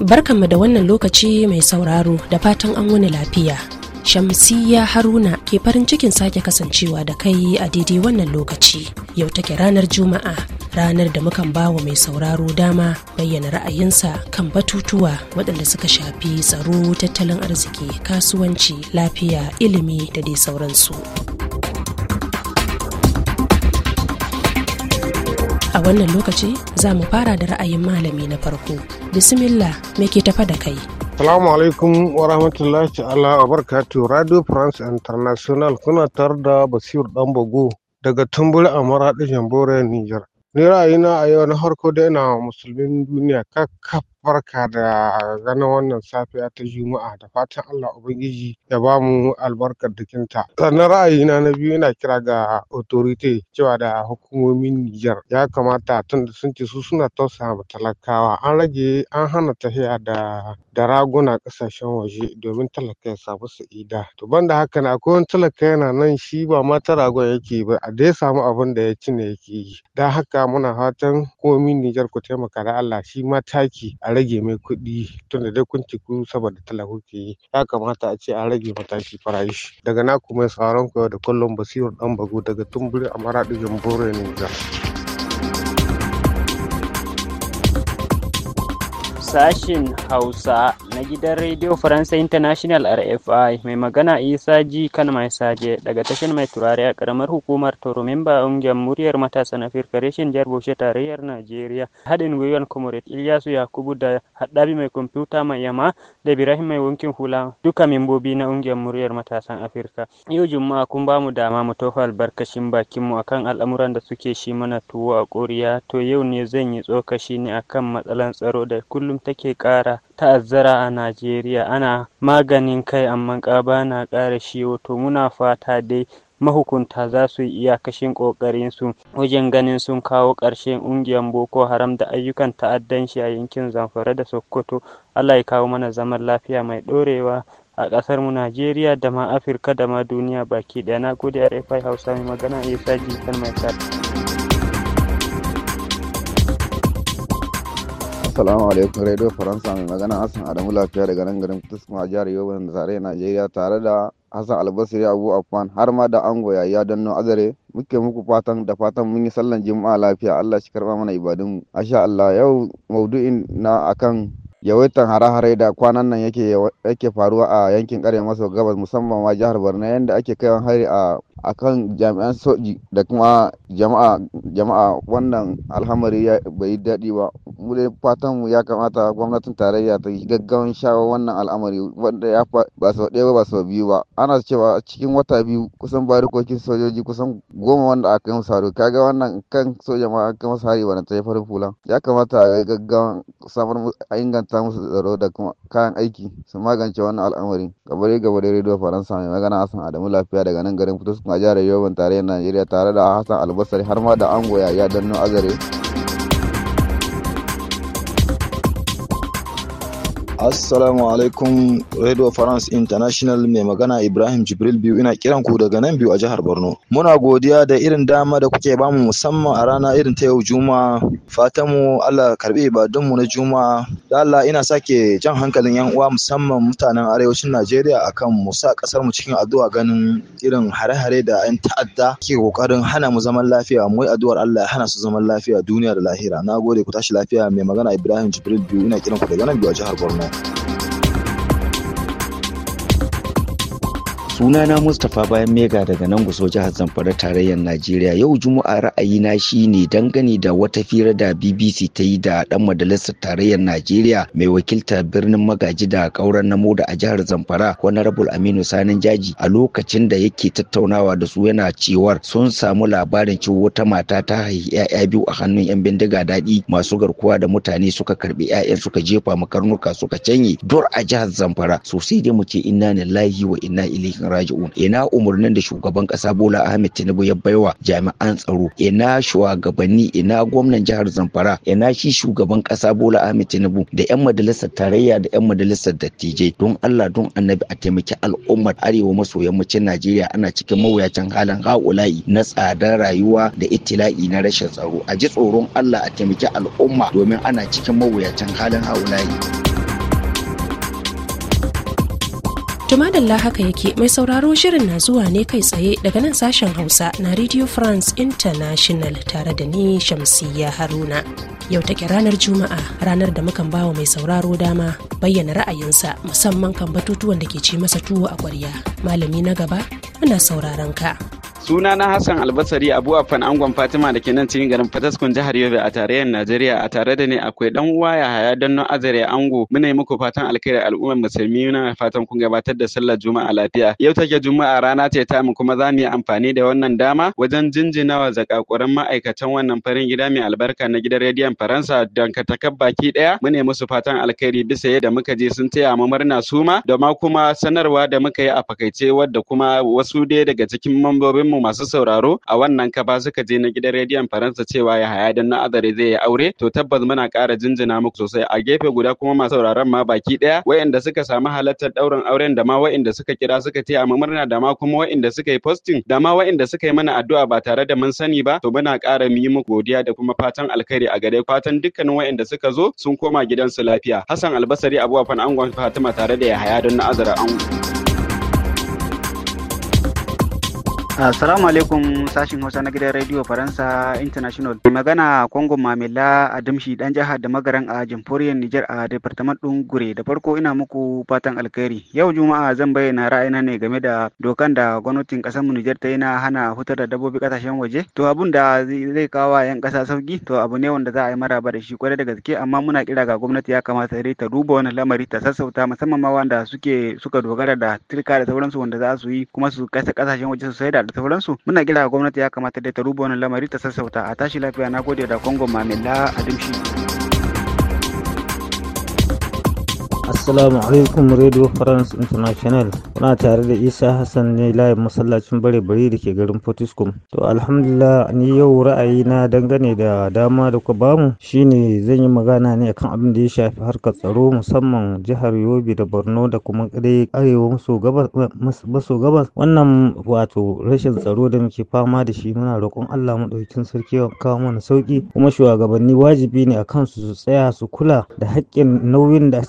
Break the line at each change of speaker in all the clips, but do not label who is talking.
Barkanmu da wannan lokaci mai sauraro da fatan an wani lafiya. shamsiya Haruna ke farin cikin sake kasancewa da kai a daidai wannan lokaci. Yau take ranar Juma'a, ranar da mukan bawa mai sauraro dama bayyana ra'ayinsa kan batutuwa waɗanda suka shafi tsaro, tattalin arziki, kasuwanci, lafiya, ilimi da dai sauransu. a wannan lokaci za mu fara da ra'ayin malami na farko bismillah me ke tafa da kai
Salamu alaikum wa rahmatullahi ta'ala wa barakatuh Radio France International kuna tar da Basir Dambago daga Tumbul a Maraɗi Jamboree Niger. Ni ra'ayina a yau na harko da ina musulmin duniya kakaf barka da ganin wannan safiya ta Juma'a da fatan Allah Ubangiji ya ba mu albarkar dukinta. Sannan ra'ayina na biyu yana kira ga authority cewa da hukumomin Nijar ya kamata tun da sun ce su suna tausaya ma talakawa an rage an hana tahiya da da raguna kasashen waje domin talaka ya samu sa'ida. To banda haka na akwai wani talaka yana nan shi ba ma ta ragon yake ba a dai samu abin da ya ci ne yake yi. Don haka muna fatan hukumomin Nijar ku taimaka da Allah shi ma taki a rage mai kuɗi tunda dai kun ce saboda talaka kuke yi ya kamata a ce an rage mataki farashi daga na kuma sauran ku da kullum basirar dan bago daga tumburi a maraɗin bore ne
sashin hausa na gidan Radio Faransa International RFI mai magana Isa Ji kan mai saje daga tashin mai turare a karamar hukumar Toro memba ungiyar muryar matasa na Afirka reshen jihar Bauchi tarayyar Najeriya haɗin gwiwar Comrade Ilyasu Yakubu da haɗabi mai kwamfuta mai yama da Ibrahim mai wankin hula duka membobi na ungiyar muryar matasan Afirka. Yau Juma'a kun ba mu dama mu tofa albarkacin bakin mu akan al'amuran da suke shi mana tuwo a koriya to yau ne zan yi tsokashi ne akan matsalan tsaro da kullum take ƙara ta'azzara a Najeriya ana maganin kai amma ƙaba na ƙara shiwo to muna fata dai mahukunta za su yi iyakashin su wajen ganin sun kawo ƙarshen ƙungiyar boko haram da ayyukan ta'addanci a yankin zamfara da sokoto allah ya kawo mana zaman lafiya mai ɗorewa a ƙasar mu najeriya da ma afirka da ma duniya baki ɗaya na gode rfi hausa mai magana isa jisan mai
Assalamu alaikum Radio Faransa mai magana Hassan Adamu Lafiya daga nan garin Kutusma jihar Yobe da tarayyar Najeriya tare da Hassan Albasiri Abu Afan har ma da Ango Yaya Danno Azare muke muku fatan da fatan mun yi sallan Juma'a lafiya Allah shi karba mana ibadun mu. Asha Allah yau maudu'in na akan yawaitan hare-hare da kwanan nan yake yake faruwa a yankin Arewa maso gabas musamman ma jihar Borno yanda ake kaiwan hari a akan jami'an soji da kuma jama'a jama'a wannan alhamari bai yi daɗi ba mu dai fatan mu ya kamata gwamnatin tarayya ta yi gaggawan shawo wannan al'amari wanda ya ba sau ɗaya ba sau biyu ba ana cewa cikin wata biyu kusan barikokin sojoji kusan goma wanda aka yi musu kaga wannan kan soja ma aka masa hari wanda ta yi farin fula ya kamata a gaggawan samar a inganta musu tsaro da kuma kayan aiki su magance wannan al'amari gabare gabare rediyo faransa mai magana asan adamu lafiya daga nan garin fitos a jihar Yoban tarayyar Najeriya tare da Hassan Albasari har ma da Ango Yaya Danno Azare
Assalamu alaikum Radio France International mai magana Ibrahim Jibril biyu ina kiran ku daga nan biyu a jihar Borno. Muna godiya da irin dama da kuke bamu musamman a rana irin ta yau Juma'a. Fatanmu mu Allah karbi ibadun mu na Juma'a. Da Allah ina sake jan hankalin yan uwa musamman mutanen arewacin Najeriya akan mu sa kasar mu cikin addu'a ganin irin hare-hare da yan ta'adda ke kokarin hana mu zaman lafiya mu yi addu'ar Allah ya hana su zaman lafiya duniya da lahira. Nagode ku tashi lafiya mai magana Ibrahim Jibril biyu ina kiran ku daga nan biyu a jihar Borno. you. sunana mustapha bayan mega daga nan guso jihar zamfara tarayyar najeriya yau juma'a ra'ayina shine dangane da wata fira da bbc ta yi da dan majalisar tarayyar najeriya mai wakiltar birnin magaji da kauran namo da a jihar zamfara honorable aminu sanin jaji a lokacin da yake tattaunawa da su yana cewar sun samu labarin cewa wata mata ta haihi 'ya'ya biyu a hannun 'yan bindiga daɗi masu garkuwa da mutane suka karbi 'ya'yan suka jefa makarnuka suka canye dur a jihar zamfara sosai dai mu ce inna lillahi wa inna ilaihi cikin raji'un ina umarnin da shugaban kasa Bola Ahmed Tinubu ya baiwa jami'an tsaro ina shugabanni ina gwamnan jihar Zamfara ina shi shugaban kasa Bola Ahmed Tinubu da yan majalisar tarayya da yan majalisar dattijai don Allah don Annabi a taimaki al'ummar arewa maso yammacin Najeriya ana cikin mawuyacin halin haula'i na tsadar rayuwa da itila'i na rashin tsaro a ji tsoron Allah a taimaki al'umma domin ana cikin mawuyacin halin haula'i.
To madalla haka yake mai sauraro shirin na zuwa ne kai tsaye daga nan sashen Hausa na Radio France International tare da ni Shamsiyya Haruna. Yau take ranar Juma'a ranar da mukan bawa mai sauraro dama bayyana ra'ayinsa musamman kan batutuwan da ke ci masa tuwo a kwarya. Malami na gaba muna sauraron ka.
Suna na Hassan Albasari Abu Afan Angon Fatima da ke nan cikin garin Fataskun jihar Yobe a tarayyar Najeriya a tare da ne akwai dan uwa ya haya don azare ango muna yi muku fatan alkhairi al'ummar musulmi a fatan kun gabatar da sallar juma'a lafiya. Yau take juma'a rana ce ta mu kuma za mu yi amfani da wannan dama wajen jinjinawa zakakuran ma'aikatan wannan farin gida mai albarka na gidan rediyon Faransa don ka baki daya muna musu fatan alkhairi bisa yadda muka je sun taya mu murna suma da ma kuma sanarwa da muka yi a fakaice wadda kuma wasu dai daga cikin mambobin mu masu sauraro a wannan kafa suka je na gidan rediyon Faransa cewa ya haya dan na azare zai yi aure to tabbas muna ƙara jinjina muku sosai a gefe guda kuma masu sauraron ma baki ɗaya wayanda suka samu halartar ɗaurin auren da ma wayanda suka kira suka ce mu murna da ma kuma wayanda suka yi posting da ma wayanda suka yi mana addu'a ba tare da mun sani ba to muna ƙara yi muku godiya da kuma fatan alkhairi a gare fatan dukkanin wayanda suka zo sun koma gidansu lafiya Hassan Albasari Abubakar Angon Fatima tare da Yahaya don na azara angon. Assalamu alaikum sashin Hausa na gidan Radio Faransa International. Magana Kongo Mamila Adamshi dan jihar da magaran a jamhuriyar Nijar a Departement ɗin Gure. Da farko ina muku fatan alkhairi. Yau Juma'a zan bayyana ra'ayina ne game da dokan da gwamnatin ƙasar mu Nijar ta yi na hana hutar da dabbobi ƙasashen waje. To abun da zai kawo yan ƙasa sauki to abu ne wanda za a yi maraba da shi kwarai da gaske amma muna kira ga gwamnati ya kamata dai ta duba wannan lamari ta sassauta musamman ma wanda suke suka dogara da tirka da sauransu wanda za su yi kuma su kasa ƙasashen waje su sai da da sauransu muna kira gwamnati ya kamata dai ta ruba wannan lamari ta sassauta a tashi lafiya na gode da kongo mamila adamshi.
Assalamu alaikum Radio France International. Kuna tare da Isa Hassan ne layin masallacin bare bare da ke garin Fortiscom. To alhamdulillah ni yau ra'ayi na dangane da dama da ku bamu shine zan yi magana ne akan abin da ya shafi harkar tsaro musamman jihar Yobe da Borno da kuma kare arewa maso gabas maso gabas. Wannan wato rashin tsaro da muke fama da shi muna roƙon Allah madaukakin sarki ya kawo mana sauki kuma shugabanni wajibi ne akan su su tsaya su kula da haƙƙin nauyin da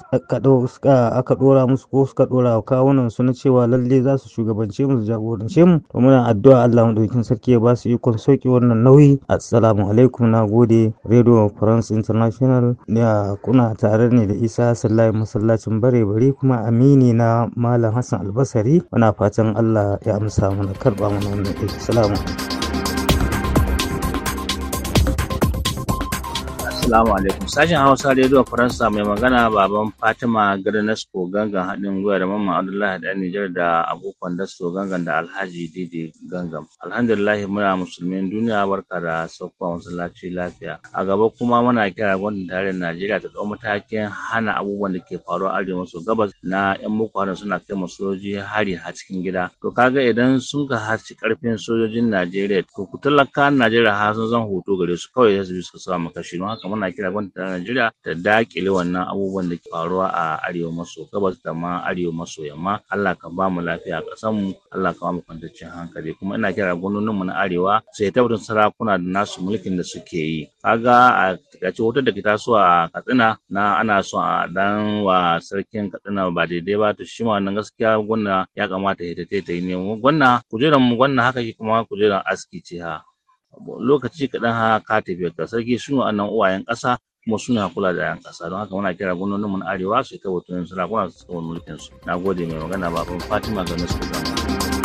aka ɗora musu ko suka ɗora wa kawunan su na cewa lalle za su shugabance mu su jagorance mu to muna addu'a Allah madaukakin sarki ya ba su ikon sauki wannan nauyi assalamu alaikum na gode radio france international ya kuna tare ne da isa sallai masallacin bare bare kuma amini na malam hassan albasari muna fatan Allah ya amsa mana karba mana wannan assalamu alaikum
Assalamu alaikum. Sashen Hausa Radio Faransa mai magana baban Fatima Garnasko gangan haɗin gwiwa da Mamman Abdullahi da Nijar da abokan Dasko gangan da Alhaji Didi gangan. Alhamdulillah muna musulmin duniya barka da sauƙa masallaci lafiya. A gaba kuma muna kira gwamnatin tarihin Najeriya ta ɗau matakin hana abubuwan da ke faruwa arewa maso gabas na 'yan muku suna kai sojoji hari a cikin gida. To kaga idan sun ka harci ƙarfin sojojin Najeriya to ku talaka Najeriya har sun zan hoto gare su kawai su bi su sa makashi don haka muna kira gwamnati ta Najeriya ta dakile wannan abubuwan da ke faruwa a arewa maso gabas da ma arewa maso yamma Allah ka ba mu lafiya a ƙasar mu Allah ka ba mu kwantaccen hankali kuma ina kira gwamnatin mu na arewa su yi tabbatar sarakuna da nasu mulkin da suke yi kaga a kace wutar da ke tasowa a Katsina na ana so a dan wa sarkin Katsina ba daidai ba to shi ma wannan gaskiya gwamna ya kamata ya ta ta yi ne gwamna kujeran mu gwamna haka kuma kujeran aski ce ha lokaci kaɗan ha ka tafi ka sarki su wannan uwayen ƙasa kuma suna kula da 'yan ƙasa don haka muna kira gwamnonin mun arewa su ta wato suna kula su tsawon mulkin su na gode mai magana baban fatima ga nasu zama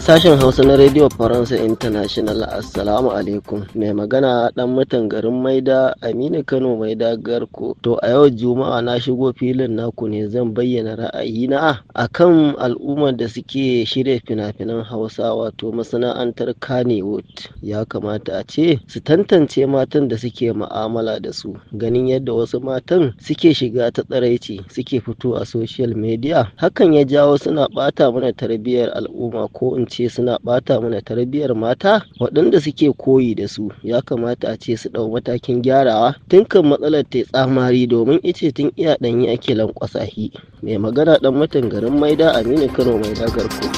Sashen Hausa na Radio Faransa International Assalamu alaikum mai magana dan mutan garin Maida Aminu Kano Maida Garko. To a yau Juma'a na shigo filin naku ne zan bayyana ra'ayi ra'ayina akan al'ummar da suke shirya fina-finan Hausa wato masana'antar Kannywood. Ya kamata a ce su tantance matan da suke ma'amala da su ganin yadda wasu matan suke shiga ta tsaraici suke fito a social media hakan ya jawo suna bata mana tarbiyyar al'umma ko in ce ce suna ɓata mana tarbiyyar mata waɗanda suke koyi da su ya kamata a ce su ɗau matakin gyarawa tun kan matsalar ta tsamari domin ice tun iya ɗanyi ake lankwasa mai magana ɗan matan garin maida aminu kano maida garko.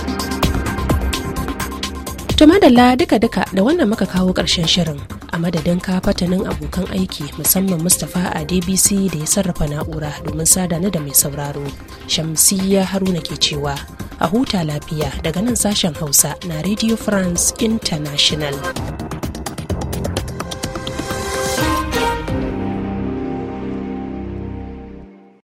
To madalla duka-duka da wannan muka kawo ƙarshen shirin a madadin ka fatanin abokan aiki musamman Mustapha a DBC da ya sarrafa na'ura domin sada na da mai sauraro. Shamsiyya Haruna ke cewa a huta lafiya daga nan sashen Hausa na Radio France International.